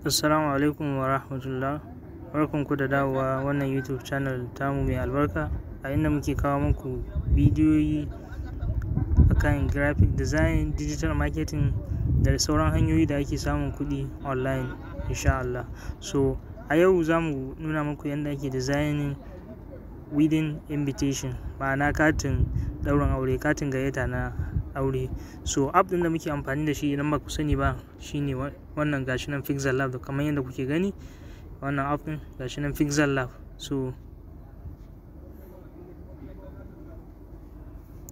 Assalamu alaikum wa rahmatullah ku da dawowa wannan YouTube channel tamu mai albarka a inda muke kawo muku bidiyoyi akan graphic design, digital marketing da sauran hanyoyi da ake samun kuɗi online insha Allah. So a yau za mu nuna muku yadda ake designing wedding invitation ma'ana katin ɗaurin aure katin gayyata na aure so app din da muke amfani da shi idan ba ku sani ba shine wannan gashi nan pixel lab kamar yadda kuke gani wannan app din gashi nan pixel lab so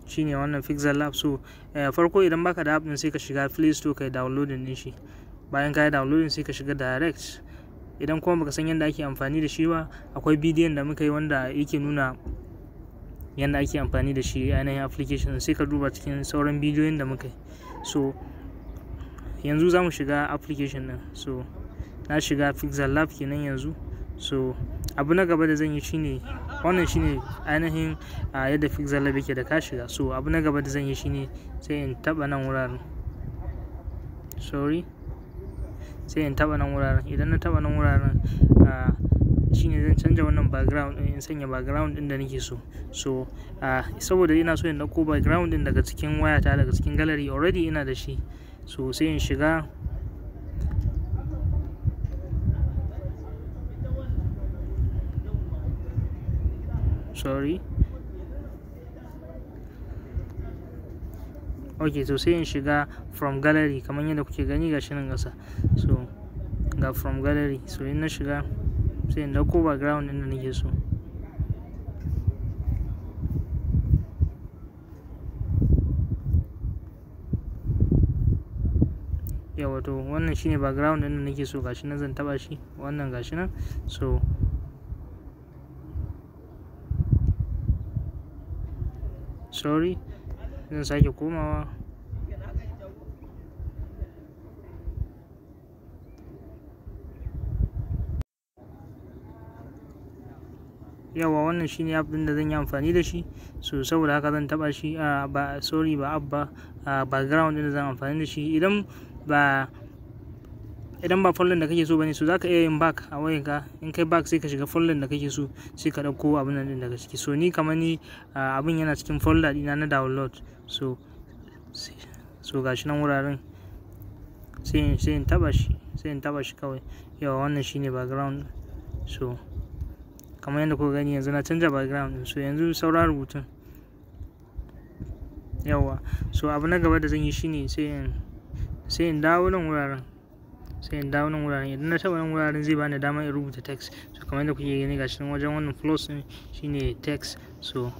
shine wannan pixel lab so eh, farko idan baka da app din sai ka shiga play store kai downloading din shi bayan ka yi downloading sai ka shiga direct idan kuma baka san yadda ake amfani da shi ba akwai bidiyon da muka yi wanda yake nuna yadda ake amfani da shi ainihin application sai ka duba cikin sauran bidiyoyin da muka yi so yanzu za mu shiga application na, so na shiga pixel lab kenan yanzu so abu na gaba da zan yi shine wannan shine ainihin a yadda pixel lab yake da ka shiga so abu na gaba da zan yi shine sai in taba nan wuraren sorry sai in taba nan wuraren idan na taba nan wuraren shine zan canza wannan background ɗin in sanya background din da nake so so saboda ina so in dauko background din daga cikin waya ta daga cikin gallery already ina da shi so sai in shiga sorry ok so sai in shiga from gallery kamar yadda kuke gani ga shi nan gasa so ga from gallery so in na shiga sai in dauko background ɗin da nake so wannan shine background ɗin da nake so gashi nan zan taba shi wannan gashi nan so sorry zan sake komawa yawa wannan shi ne abin da zan yi amfani da shi so saboda haka zan taba shi a ba sorry ba abba ba background din da zan amfani da shi idan ba idan ba folder da kake so bane so zaka iya yin back a ka in kai back sai ka shiga folder da kake so sai ka dauko abin nan din daga ciki so ni kamar ni abin yana cikin folder dina na download so so gashi nan wuraren sai in taba shi sai in taba shi kawai yawa wannan shine background so kamar yadda kuka gani yanzu na canja background din so yanzu saura rubutun yawa so abu na gaba da zan yi shine sai in sai in dawo nan wuraren sai in dawo nan wuraren idan na taɓa nan wuraren zai bani damar in rubuta text so kamar yadda kuke gani gashi nan wajen wannan flows din shine text so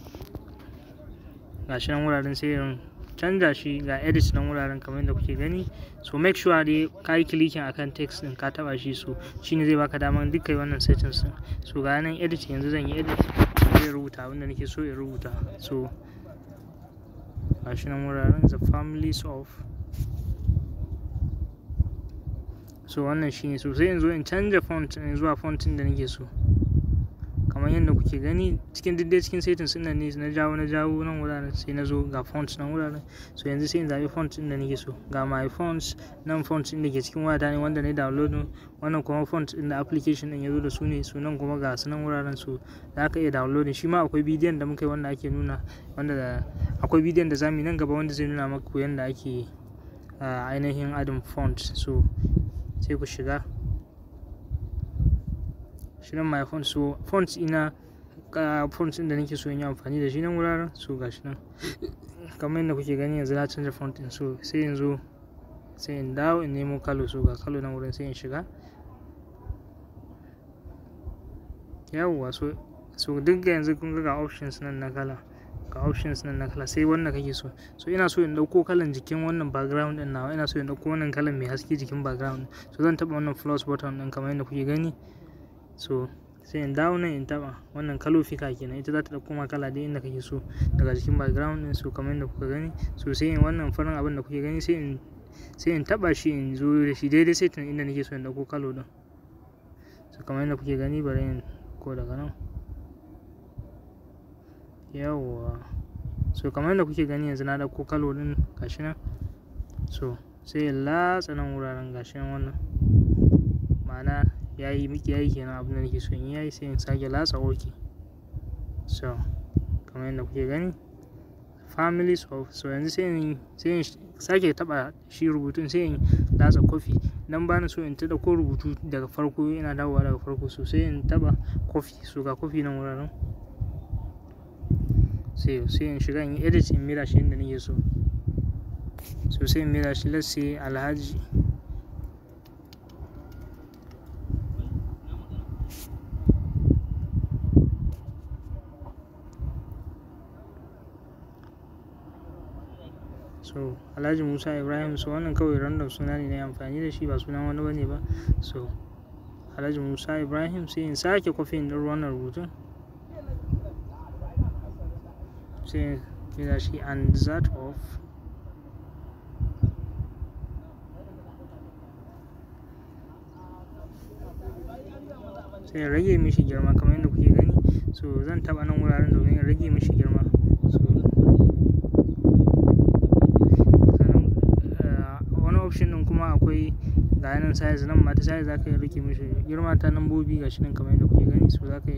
gashi nan wuraren sai in canza shi ga edit nan wuraren kamar yadda kuke gani so make sure dai ka yi clicking akan text din ka taba shi so shine zai baka daman dukkan wannan settings din so ga nan edit yanzu zan yi edit zai rubuta abinda nake so in rubuta so gashi nan wuraren the families of so wannan shine so sai in zo in canza font in zuwa font din da nake so kamar yadda kuke gani cikin diddai cikin settings ɗin nan ne na jawo na jawo nan wuraren sai na zo ga fonts nan wuraren so yanzu sai in zaɓi fonts ɗin da nake so ga my fonts nan fonts ɗin da ke cikin wayata ne wanda na downloading wannan kuma fonts ɗin da application ɗin ya zo da su ne su nan kuma ga su nan wuraren su za ka iya downloading shi ma akwai bidiyon da muka yi wanda ake nuna wanda akwai bidiyon da za mu yi nan gaba wanda zai nuna maku yadda ake ah, ainihin adding font so sai ku shiga shi nan my phone so fonts ina fonts ɗin da nake so in yi amfani da shi nan wuraren so ga shi nan kamar yadda kuke gani yanzu na canza font din so sai yanzu sai in dawo in nemo kalo so ga kalo nan wurin sai in shiga yawwa so so duk ga yanzu kun ga options nan na kala ga options nan na kala sai wannan kake so so ina so in dauko kalan jikin wannan background din nawa ina so in dauko wannan kalan mai haske jikin background so zan taba wannan plus button din kamar yadda kuke gani so sai in dawo nan in taba wannan kalo fika kenan ita za ta dauko ma kala dai inda kake so daga jikin background din so kamar yadda kuka gani so sai in wannan farin abin da kuke gani sai in sai in taba shi in zo da shi daidai sai tun inda nake so in dauko kalo din so kamar yadda kuke gani bari in ko daga nan yawwa so kamar yadda kuke gani yanzu na dauko kalo din gashi nan so sai in latsa nan wuraren gashi nan wannan ma'ana yayi miki yayi kenan abin da nake so in yayi sai in sake latsa oke so kamar yadda kuke gani families of so yanzu sai in sai in sake taba shi rubutun sai in latsa kofi dan bani so in tada ko rubutu daga farko ina dawowa daga farko so sai in taba kofi so ga kofi nan wuraren sai sai in shiga in edit in mira shi inda nake so so sai in mira shi let's say alhaji so alhaji musa ibrahim so wannan kawai random suna ne na amfani da shi ba sunan wani bane ba so alhaji musa ibrahim sai in sake kwafin ɗin wannan rubutun sai in kira shi and that of sai rage mishi girma kamar yadda kuke gani so zan taɓa nan wuraren domin rage mishi girma ga nan size nan mata size za ka rike mishi girma ta lambobi ga shi nan kamar yadda kuke gani so za ka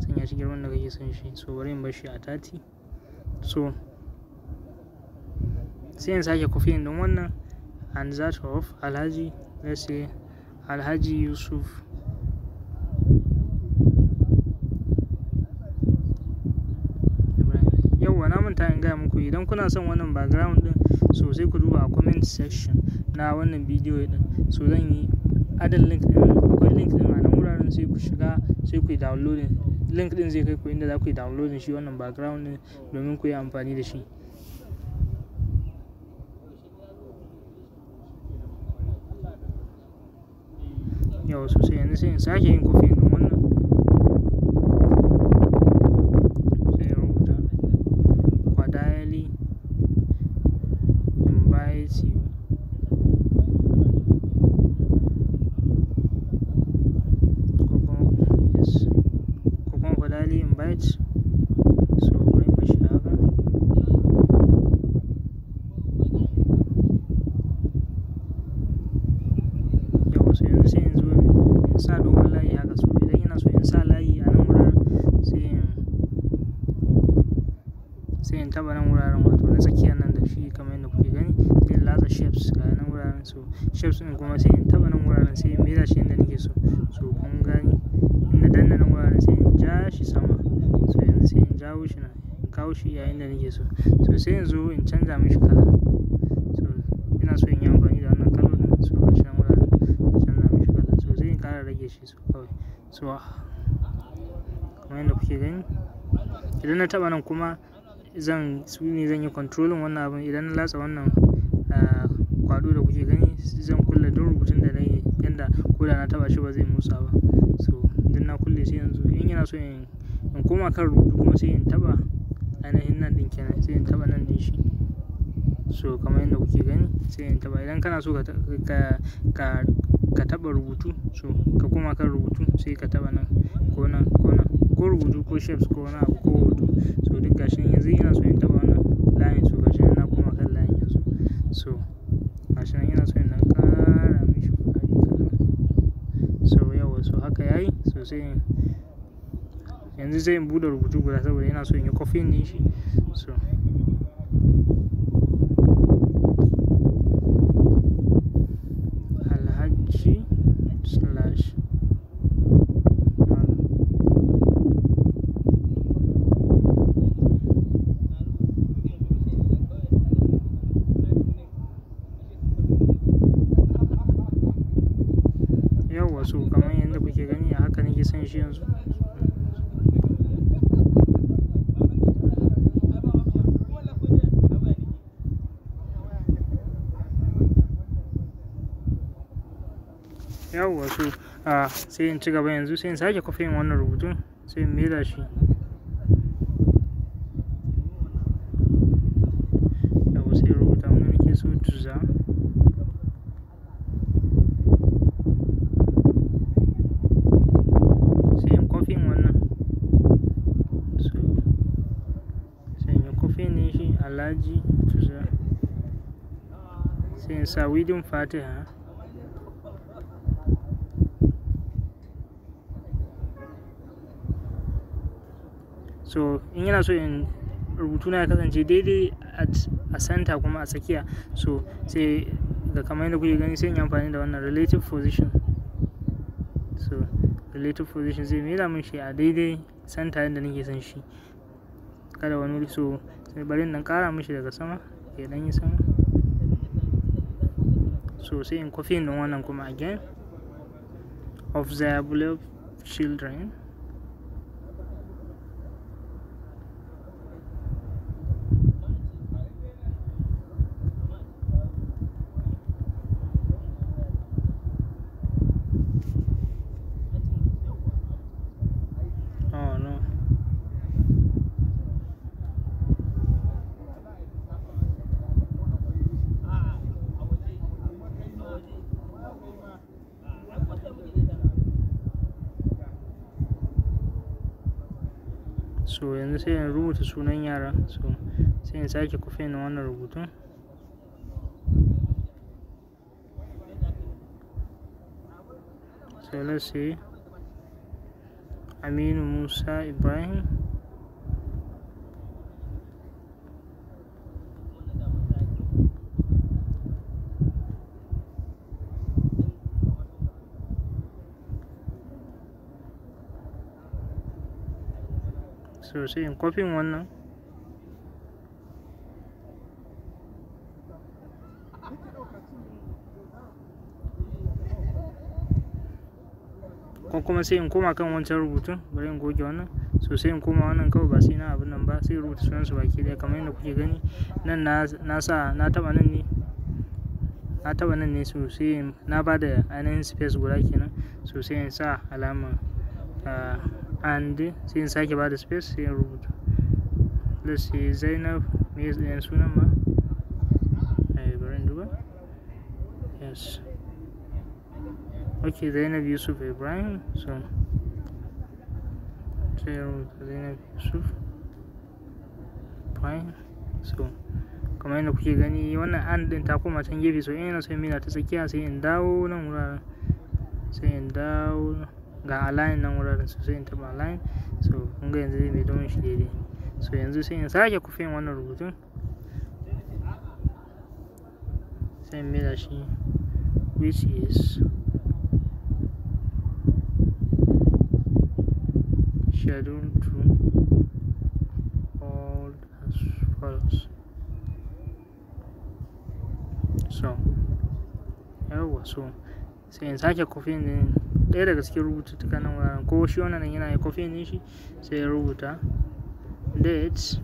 sanya shi girman da kake son shi so bari in bar shi a tati so sai in sake kofiyin don wannan and that of alhaji let's say alhaji yusuf yauwa na manta in gaya muku idan kuna son wannan background din so sai ku duba a comment section na wannan bidiyo ɗin. So zan yi adadin link ɗin akwai link ɗin a nan wuraren sai ku shiga sai kuyi downloading link ɗin zai kai ku inda za kuyi downloading shi wannan background ɗin domin yi amfani da shi. Yau sosai yanzu sai in sake yin copy. so shapes ɗin kuma sai in taɓa nan wuraren sai in maida shi inda nake so so kun gani in na danna nan wuraren sai in ja shi sama so yanzu sai in jawo shi nan in kawo shi yayin da nake so so sai yanzu in canza mishi kala so ina so in yi amfani da wannan kalo ɗin so ga shi nan wuraren canza mishi kala so sai in ƙara rage shi so kawai so kamar yadda kuke gani idan na taɓa nan kuma zan su ne zan yi controlling wannan abin idan na latsa wannan ah, kwado da kuke gani zan kulle duk rubutun da na yi yanda ko da na taɓa shi ba zai motsa ba so idan na kulle sai yanzu in yana so in koma kan rubutu kuma sai in taɓa ainihin nan ɗin kenan sai in taɓa nan ɗin shi so kamar yadda kuke gani sai in taɓa idan kana so ka ka ka taɓa rubutu so ka koma kan rubutu sai ka taɓa nan ko nan ko nan ko rubutu ko shapes ko wani abu ko hoto so duk gashi yanzu ina so in taɓa to sai yanzu zai buɗe rubutu guda saboda yana so yi kofin din shi so alhaji slash yawwa so kamar yadda kuke gani a haka nake son shi yanzu yawwa so ah, sai in ci gaba yanzu sai in sake kwafin wannan rubutun sai in maida shi sa fatiha so in yana so in rubutu na ya kasance daidai a center kuma a tsakiya so sai ga kamar yadda kuke gani sai in yi amfani da wannan relative position so relative position zai mera min shi a daidai center yadda nake son shi kada wani so sai bari nan kara mishi daga sama ke dan yi sama so sai in kwafi din wannan kuma again observable children so yanzu sai in rubuta sunan yaran so sai in sake kufe na wannan rubutun so let's see aminu musa ibrahim so sai in kofin wannan ko kuma sai in koma kan wancan rubutun bari in goge wannan so sai in koma wannan kawai ba sai na abin nan ba sai rubuta sunan su baki daya kamar yadda kuke gani nan na sa na taba nan ne na taba nan ne so sai na bada ainihin space guda kenan so sai in sa alamar ah, and since I about the space here robot let's see Zainab Miz and Sunama yes okay Zainab Yusuf Ibrahim so Zainab Yusuf Ibrahim so kamar yadda kuke gani wannan an din ta koma can gefe so ina son mina ta tsakiya sai in dawo nan wuraren sai in dawo ga align nan wuraren so sai in taɓa align so kun ga yanzu zai mai domin shi daidai so yanzu sai in sake kufin wannan rubutun sai in maida shi which is scheduled to hold as follows so yawa so sai in sake kofin din ɗaya daga cikin rubututtuka nan wuraren ko shi wannan yana yi kofin din shi sai ya rubuta date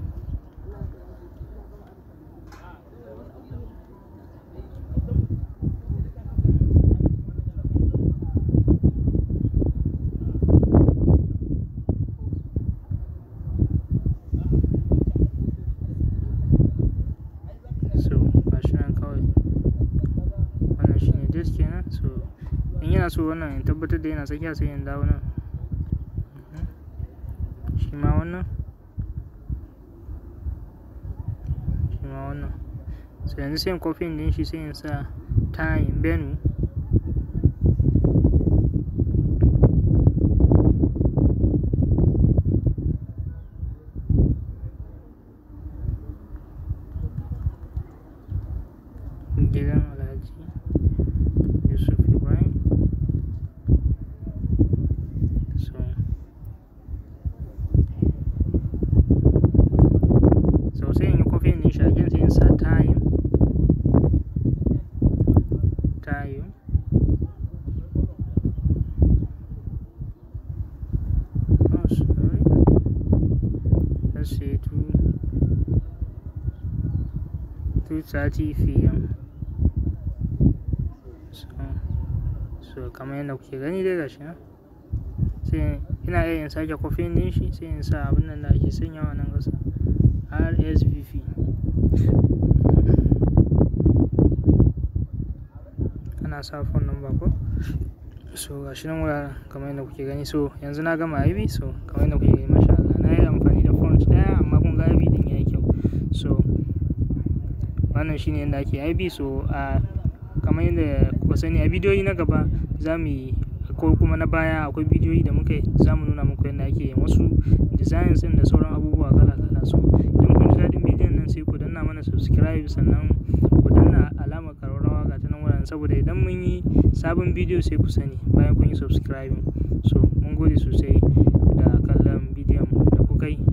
kenan so in yana so wannan in tabbatar da yana tsakiya sai yin dawo nan mhm. shi ma wannan shi ma wannan so yanzu sai kofin din shi sai yin sa time benue sati fiyan so kamar yadda kuke gani dai gashi na sai ina iya in sake kofin din shi sai in sa abin nan da ake sanyawa nan gasa rsvp ana sa phone number ko so gashi nan wuraren kamar yadda kuke gani so yanzu na gama aibi so kamar yadda kuke gani wannan shine yadda ake bi so a kamar yadda kuka sani a bidiyoyi na gaba za mu yi ko kuma na baya akwai bidiyoyi da muka za mu nuna muku yadda ake wasu designs ɗin da sauran abubuwa kala kala so idan kun ji daɗin bidiyon nan sai ku danna mana subscribe sannan ku danna alamar ƙararrawa ga ta nan saboda idan mun yi sabon bidiyo sai ku sani bayan kun yi subscribing so mun gode sosai da kallon bidiyon da kuka yi